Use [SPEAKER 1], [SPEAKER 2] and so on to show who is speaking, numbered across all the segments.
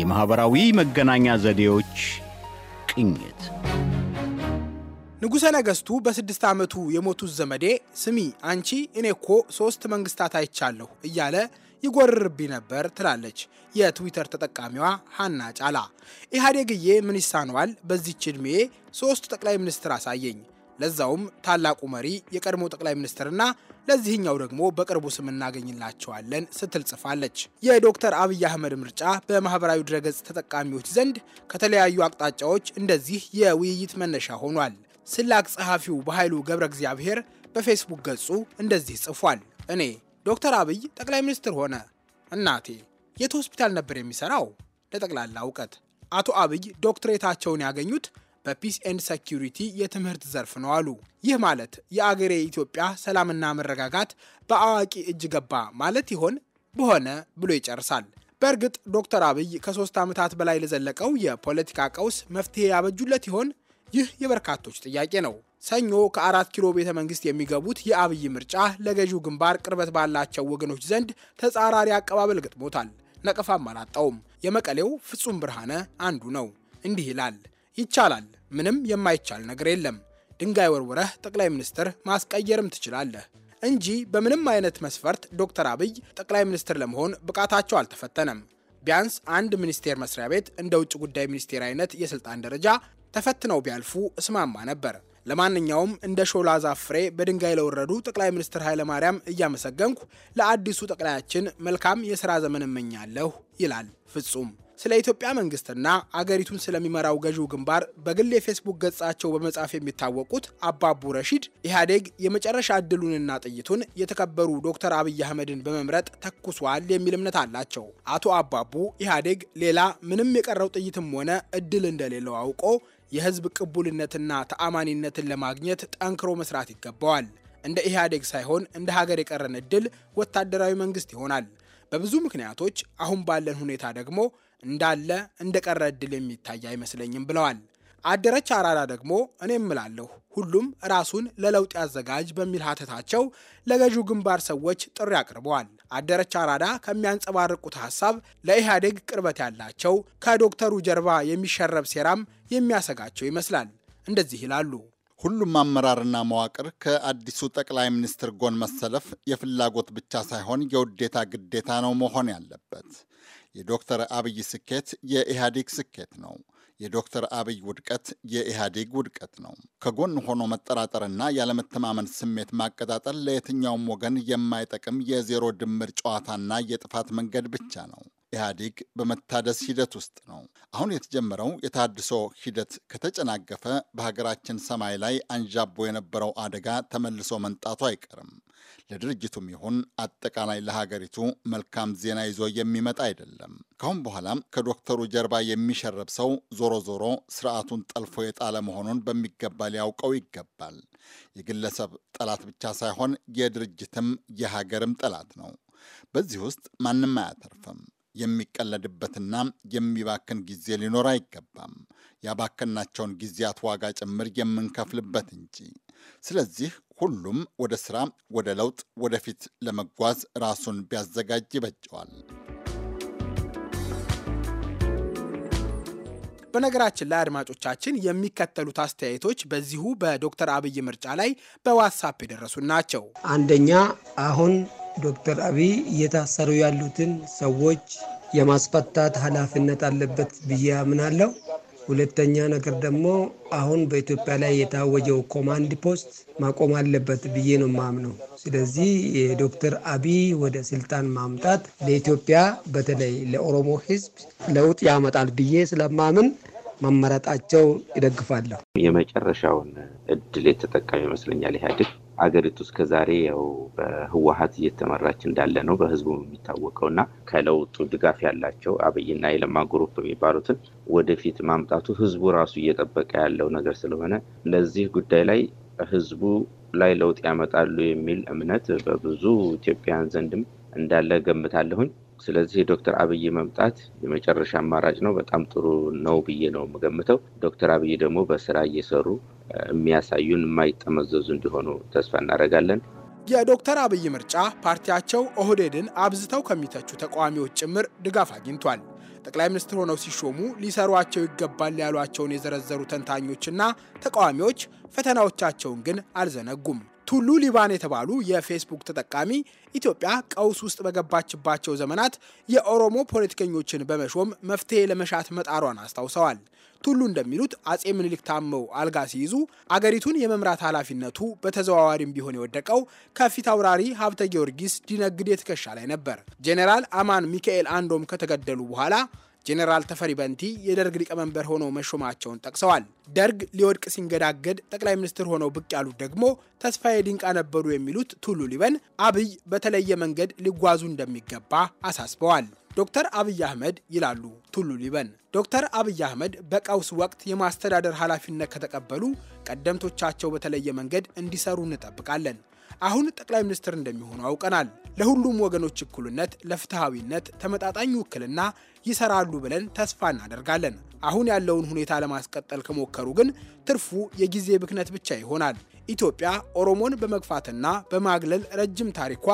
[SPEAKER 1] የማኅበራዊ መገናኛ ዘዴዎች ቅኝት
[SPEAKER 2] ንጉሠ ነገሥቱ በስድስት ዓመቱ የሞቱት ዘመዴ ስሚ አንቺ እኔ እኮ ሦስት መንግሥታት አይቻለሁ እያለ ይጎርርብኝ ነበር ትላለች የትዊተር ተጠቃሚዋ ሃና ጫላ። ኢህአዴግዬ ምን ይሳነዋል? በዚች ዕድሜ ሦስት ጠቅላይ ሚኒስትር አሳየኝ ለዛውም ታላቁ መሪ የቀድሞ ጠቅላይ ሚኒስትርና ለዚህኛው ደግሞ በቅርቡ ስም እናገኝላቸዋለን ስትል ጽፋለች። የዶክተር አብይ አህመድ ምርጫ በማህበራዊ ድረገጽ ተጠቃሚዎች ዘንድ ከተለያዩ አቅጣጫዎች እንደዚህ የውይይት መነሻ ሆኗል። ስላቅ ጸሐፊው በኃይሉ ገብረ እግዚአብሔር በፌስቡክ ገጹ እንደዚህ ጽፏል። እኔ ዶክተር አብይ ጠቅላይ ሚኒስትር ሆነ እናቴ የት ሆስፒታል ነበር የሚሰራው? ለጠቅላላ እውቀት አቶ አብይ ዶክትሬታቸውን ያገኙት በፒስ ኤንድ ሴኪሪቲ የትምህርት ዘርፍ ነው አሉ። ይህ ማለት የአገሬ ኢትዮጵያ ሰላምና መረጋጋት በአዋቂ እጅ ገባ ማለት ይሆን? በሆነ ብሎ ይጨርሳል። በእርግጥ ዶክተር አብይ ከሶስት ዓመታት በላይ ለዘለቀው የፖለቲካ ቀውስ መፍትሄ ያበጁለት ይሆን? ይህ የበርካቶች ጥያቄ ነው። ሰኞ ከአራት ኪሎ ቤተ መንግስት የሚገቡት የአብይ ምርጫ ለገዢው ግንባር ቅርበት ባላቸው ወገኖች ዘንድ ተጻራሪ አቀባበል ገጥሞታል። ነቀፋም አላጣውም። የመቀሌው ፍጹም ብርሃነ አንዱ ነው። እንዲህ ይላል። ይቻላል። ምንም የማይቻል ነገር የለም። ድንጋይ ወርውረህ ጠቅላይ ሚኒስትር ማስቀየርም ትችላለህ እንጂ በምንም አይነት መስፈርት ዶክተር አብይ ጠቅላይ ሚኒስትር ለመሆን ብቃታቸው አልተፈተነም። ቢያንስ አንድ ሚኒስቴር መስሪያ ቤት እንደ ውጭ ጉዳይ ሚኒስቴር አይነት የስልጣን ደረጃ ተፈትነው ቢያልፉ እስማማ ነበር። ለማንኛውም እንደ ሾላ ዛፍ ፍሬ በድንጋይ ለወረዱ ጠቅላይ ሚኒስትር ኃይለማርያም እያመሰገንኩ ለአዲሱ ጠቅላያችን መልካም የሥራ ዘመን እመኛለሁ ይላል ፍጹም። ስለ ኢትዮጵያ መንግስትና አገሪቱን ስለሚመራው ገዢው ግንባር በግል የፌስቡክ ገጻቸው በመጻፍ የሚታወቁት አባቡ ረሺድ ኢህአዴግ የመጨረሻ እድሉንና ጥይቱን የተከበሩ ዶክተር አብይ አህመድን በመምረጥ ተኩሷል የሚል እምነት አላቸው። አቶ አባቡ ኢህአዴግ ሌላ ምንም የቀረው ጥይትም ሆነ እድል እንደሌለው አውቆ የህዝብ ቅቡልነትና ተአማኒነትን ለማግኘት ጠንክሮ መስራት ይገባዋል። እንደ ኢህአዴግ ሳይሆን እንደ ሀገር የቀረን እድል ወታደራዊ መንግስት ይሆናል። በብዙ ምክንያቶች አሁን ባለን ሁኔታ ደግሞ እንዳለ እንደቀረ እድል የሚታይ አይመስለኝም ብለዋል። አደረች አራዳ ደግሞ እኔ እምላለሁ ሁሉም ራሱን ለለውጥ ያዘጋጅ በሚል ሀተታቸው ለገዢው ግንባር ሰዎች ጥሪ አቅርበዋል። አደረች አራዳ ከሚያንጸባርቁት ሀሳብ ለኢህአዴግ ቅርበት ያላቸው ከዶክተሩ ጀርባ የሚሸረብ ሴራም የሚያሰጋቸው ይመስላል።
[SPEAKER 1] እንደዚህ ይላሉ። ሁሉም አመራርና መዋቅር ከአዲሱ ጠቅላይ ሚኒስትር ጎን መሰለፍ የፍላጎት ብቻ ሳይሆን የውዴታ ግዴታ ነው መሆን ያለበት። የዶክተር አብይ ስኬት የኢህአዴግ ስኬት ነው። የዶክተር አብይ ውድቀት የኢህአዴግ ውድቀት ነው። ከጎን ሆኖ መጠራጠርና ያለመተማመን ስሜት ማቀጣጠል ለየትኛውም ወገን የማይጠቅም የዜሮ ድምር ጨዋታና የጥፋት መንገድ ብቻ ነው። ኢህአዴግ በመታደስ ሂደት ውስጥ ነው። አሁን የተጀመረው የታድሶ ሂደት ከተጨናገፈ በሀገራችን ሰማይ ላይ አንዣቦ የነበረው አደጋ ተመልሶ መንጣቱ አይቀርም። ለድርጅቱም ይሁን አጠቃላይ ለሀገሪቱ መልካም ዜና ይዞ የሚመጣ አይደለም። ካሁን በኋላም ከዶክተሩ ጀርባ የሚሸረብ ሰው ዞሮ ዞሮ ስርዓቱን ጠልፎ የጣለ መሆኑን በሚገባ ሊያውቀው ይገባል። የግለሰብ ጠላት ብቻ ሳይሆን የድርጅትም የሀገርም ጠላት ነው። በዚህ ውስጥ ማንም አያተርፍም። የሚቀለድበትና የሚባክን ጊዜ ሊኖር አይገባም። ያባከናቸውን ጊዜያት ዋጋ ጭምር የምንከፍልበት እንጂ። ስለዚህ ሁሉም ወደ ስራ፣ ወደ ለውጥ፣ ወደፊት ለመጓዝ ራሱን ቢያዘጋጅ ይበጀዋል። በነገራችን ላይ አድማጮቻችን የሚከተሉት
[SPEAKER 2] አስተያየቶች በዚሁ በዶክተር አብይ ምርጫ ላይ በዋትሳፕ የደረሱን ናቸው።
[SPEAKER 3] አንደኛ አሁን ዶክተር አብይ እየታሰሩ ያሉትን ሰዎች የማስፈታት ኃላፊነት አለበት ብዬ አምናለሁ። ሁለተኛ ነገር ደግሞ አሁን በኢትዮጵያ ላይ የታወጀው ኮማንድ ፖስት ማቆም አለበት ብዬ ነው የማምነው። ስለዚህ የዶክተር አብይ ወደ ስልጣን ማምጣት ለኢትዮጵያ በተለይ ለኦሮሞ ሕዝብ ለውጥ ያመጣል ብዬ ስለማምን መመረጣቸው ይደግፋለሁ። የመጨረሻውን እድል የተጠቀመ ይመስለኛል ኢህአዴግ። አገሪቱ እስከ ዛሬ ያው በህወሀት እየተመራች እንዳለ ነው በህዝቡ የሚታወቀው እና ከለውጡ ድጋፍ ያላቸው አብይና የለማ ግሩፕ የሚባሉትን ወደፊት ማምጣቱ ህዝቡ ራሱ እየጠበቀ ያለው ነገር ስለሆነ ለዚህ ጉዳይ ላይ ህዝቡ ላይ ለውጥ ያመጣሉ የሚል እምነት በብዙ ኢትዮጵያውያን ዘንድም እንዳለ ገምታለሁኝ። ስለዚህ የዶክተር አብይ መምጣት የመጨረሻ አማራጭ ነው። በጣም ጥሩ ነው ብዬ ነው የምገምተው። ዶክተር አብይ ደግሞ በስራ እየሰሩ የሚያሳዩን የማይጠመዘዙ እንዲሆኑ ተስፋ እናደርጋለን።
[SPEAKER 2] የዶክተር አብይ ምርጫ ፓርቲያቸው ኦህዴድን አብዝተው ከሚተቹ ተቃዋሚዎች ጭምር ድጋፍ አግኝቷል። ጠቅላይ ሚኒስትር ሆነው ሲሾሙ ሊሰሯቸው ይገባል ያሏቸውን የዘረዘሩ ተንታኞችና ተቃዋሚዎች ፈተናዎቻቸውን ግን አልዘነጉም። ቱሉ ሊባን የተባሉ የፌስቡክ ተጠቃሚ ኢትዮጵያ ቀውስ ውስጥ በገባችባቸው ዘመናት የኦሮሞ ፖለቲከኞችን በመሾም መፍትሄ ለመሻት መጣሯን አስታውሰዋል። ቱሉ እንደሚሉት አጼ ምኒልክ ታመው አልጋ ሲይዙ አገሪቱን የመምራት ኃላፊነቱ በተዘዋዋሪም ቢሆን የወደቀው ከፊት አውራሪ ሀብተ ጊዮርጊስ ዲነግዴ ትከሻ ላይ ነበር። ጄኔራል አማን ሚካኤል አንዶም ከተገደሉ በኋላ ጄኔራል ተፈሪ በንቲ የደርግ ሊቀመንበር ሆነው መሾማቸውን ጠቅሰዋል። ደርግ ሊወድቅ ሲንገዳገድ ጠቅላይ ሚኒስትር ሆነው ብቅ ያሉት ደግሞ ተስፋዬ ድንቃ ነበሩ የሚሉት ቱሉ ሊበን አብይ በተለየ መንገድ ሊጓዙ እንደሚገባ አሳስበዋል። ዶክተር አብይ አህመድ ይላሉ ቱሉ ሊበን። ዶክተር አብይ አህመድ በቀውስ ወቅት የማስተዳደር ኃላፊነት ከተቀበሉ ቀደምቶቻቸው በተለየ መንገድ እንዲሰሩ እንጠብቃለን። አሁን ጠቅላይ ሚኒስትር እንደሚሆኑ አውቀናል። ለሁሉም ወገኖች እኩልነት፣ ለፍትሐዊነት፣ ተመጣጣኝ ውክልና ይሰራሉ ብለን ተስፋ እናደርጋለን። አሁን ያለውን ሁኔታ ለማስቀጠል ከሞከሩ ግን ትርፉ የጊዜ ብክነት ብቻ ይሆናል። ኢትዮጵያ ኦሮሞን በመግፋትና በማግለል ረጅም ታሪኳ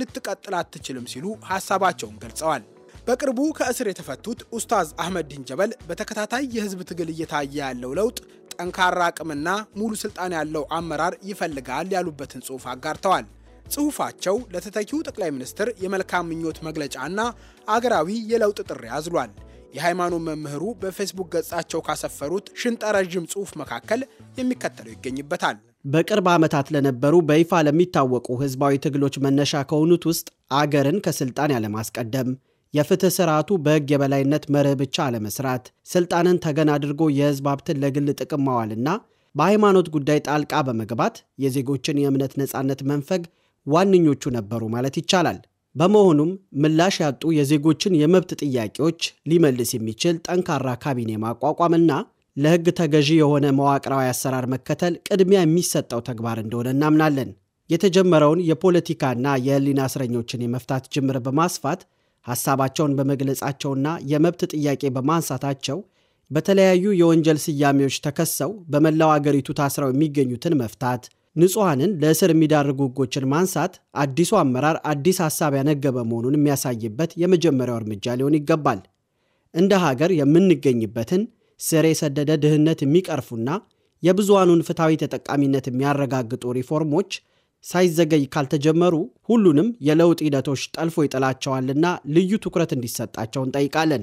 [SPEAKER 2] ልትቀጥል አትችልም ሲሉ ሀሳባቸውን ገልጸዋል። በቅርቡ ከእስር የተፈቱት ኡስታዝ አህመድ ዲንጀበል በተከታታይ የህዝብ ትግል እየታየ ያለው ለውጥ ጠንካራ አቅምና ሙሉ ስልጣን ያለው አመራር ይፈልጋል ያሉበትን ጽሑፍ አጋርተዋል። ጽሑፋቸው ለተተኪው ጠቅላይ ሚኒስትር የመልካም ምኞት መግለጫና አገራዊ የለውጥ ጥሪ አዝሏል። የሃይማኖት መምህሩ በፌስቡክ ገጻቸው ካሰፈሩት ሽንጠረዥም ጽሑፍ መካከል የሚከተለው ይገኝበታል።
[SPEAKER 3] በቅርብ ዓመታት ለነበሩ በይፋ ለሚታወቁ ህዝባዊ ትግሎች መነሻ ከሆኑት ውስጥ አገርን ከስልጣን ያለማስቀደም የፍትህ ስርዓቱ በሕግ የበላይነት መርህ ብቻ አለመስራት፣ ስልጣንን ተገን አድርጎ የህዝብ ሀብትን ለግል ጥቅም ማዋልና በሃይማኖት ጉዳይ ጣልቃ በመግባት የዜጎችን የእምነት ነፃነት መንፈግ ዋነኞቹ ነበሩ ማለት ይቻላል። በመሆኑም ምላሽ ያጡ የዜጎችን የመብት ጥያቄዎች ሊመልስ የሚችል ጠንካራ ካቢኔ ማቋቋምና ለሕግ ተገዢ የሆነ መዋቅራዊ አሰራር መከተል ቅድሚያ የሚሰጠው ተግባር እንደሆነ እናምናለን። የተጀመረውን የፖለቲካና የህሊና እስረኞችን የመፍታት ጅምር በማስፋት ሐሳባቸውን በመግለጻቸውና የመብት ጥያቄ በማንሳታቸው በተለያዩ የወንጀል ስያሜዎች ተከሰው በመላው አገሪቱ ታስረው የሚገኙትን መፍታት፣ ንጹሐንን ለእስር የሚዳርጉ ሕጎችን ማንሳት አዲሱ አመራር አዲስ ሐሳብ ያነገበ መሆኑን የሚያሳይበት የመጀመሪያው እርምጃ ሊሆን ይገባል። እንደ ሀገር የምንገኝበትን ስር የሰደደ ድህነት የሚቀርፉና የብዙሃኑን ፍትሐዊ ተጠቃሚነት የሚያረጋግጡ ሪፎርሞች ሳይዘገይ ካልተጀመሩ ሁሉንም የለውጥ ሂደቶች ጠልፎ ይጥላቸዋልና ልዩ ትኩረት እንዲሰጣቸው እንጠይቃለን።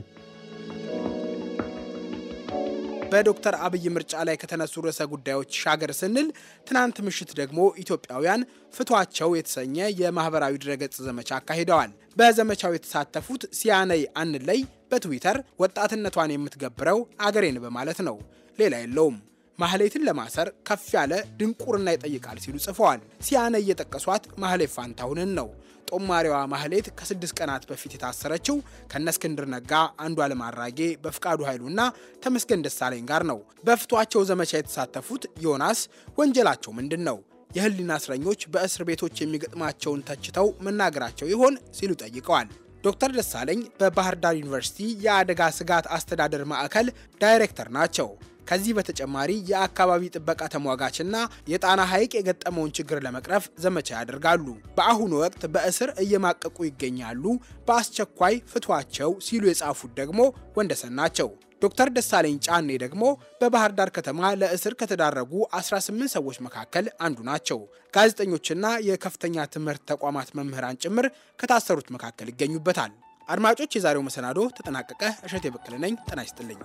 [SPEAKER 2] በዶክተር አብይ ምርጫ ላይ ከተነሱ ርዕሰ ጉዳዮች ሻገር ስንል ትናንት ምሽት ደግሞ ኢትዮጵያውያን ፍቷቸው የተሰኘ የማህበራዊ ድረገጽ ዘመቻ አካሂደዋል። በዘመቻው የተሳተፉት ሲያነይ አንለይ በትዊተር ወጣትነቷን የምትገብረው አገሬን በማለት ነው። ሌላ የለውም። ማህሌትን ለማሰር ከፍ ያለ ድንቁርና ይጠይቃል ሲሉ ጽፈዋል። ሲያነ እየጠቀሷት ማህሌት ፋንታሁንን ነው። ጦማሪዋ ማህሌት ከስድስት ቀናት በፊት የታሰረችው ከነስክንድር ነጋ፣ አንዱዓለም አራጌ፣ በፍቃዱ ኃይሉና ተመስገን ደሳለኝ ጋር ነው። በፍቷቸው ዘመቻ የተሳተፉት ዮናስ ወንጀላቸው ምንድን ነው? የህሊና እስረኞች በእስር ቤቶች የሚገጥማቸውን ተችተው መናገራቸው ይሆን ሲሉ ጠይቀዋል። ዶክተር ደሳለኝ በባህር ዳር ዩኒቨርሲቲ የአደጋ ስጋት አስተዳደር ማዕከል ዳይሬክተር ናቸው። ከዚህ በተጨማሪ የአካባቢ ጥበቃ ተሟጋችና የጣና ሐይቅ የገጠመውን ችግር ለመቅረፍ ዘመቻ ያደርጋሉ። በአሁኑ ወቅት በእስር እየማቀቁ ይገኛሉ። በአስቸኳይ ፍቷቸው ሲሉ የጻፉት ደግሞ ወንደሰን ናቸው። ዶክተር ደሳለኝ ጫኔ ደግሞ በባህር ዳር ከተማ ለእስር ከተዳረጉ 18 ሰዎች መካከል አንዱ ናቸው። ጋዜጠኞችና የከፍተኛ ትምህርት ተቋማት መምህራን ጭምር ከታሰሩት መካከል ይገኙበታል። አድማጮች፣ የዛሬው መሰናዶ ተጠናቀቀ። እሸት የበቀለነኝ ነኝ። ጤና ይስጥልኝ።